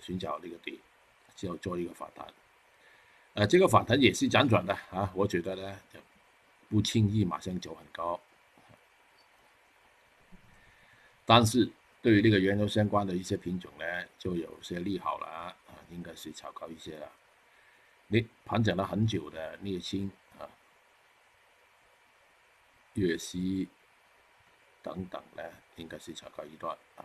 尋找呢個底，就要做一個反彈。誒、呃，這個反彈也是輾轉的啊！我覺得咧，就不輕易馬上就很高。但是對於這個原油相關的一些品種咧，就有些利好了啊，應該是炒高一些啦。你盤整了很久的瀝青啊、月息等等咧，應該是炒高一段啊。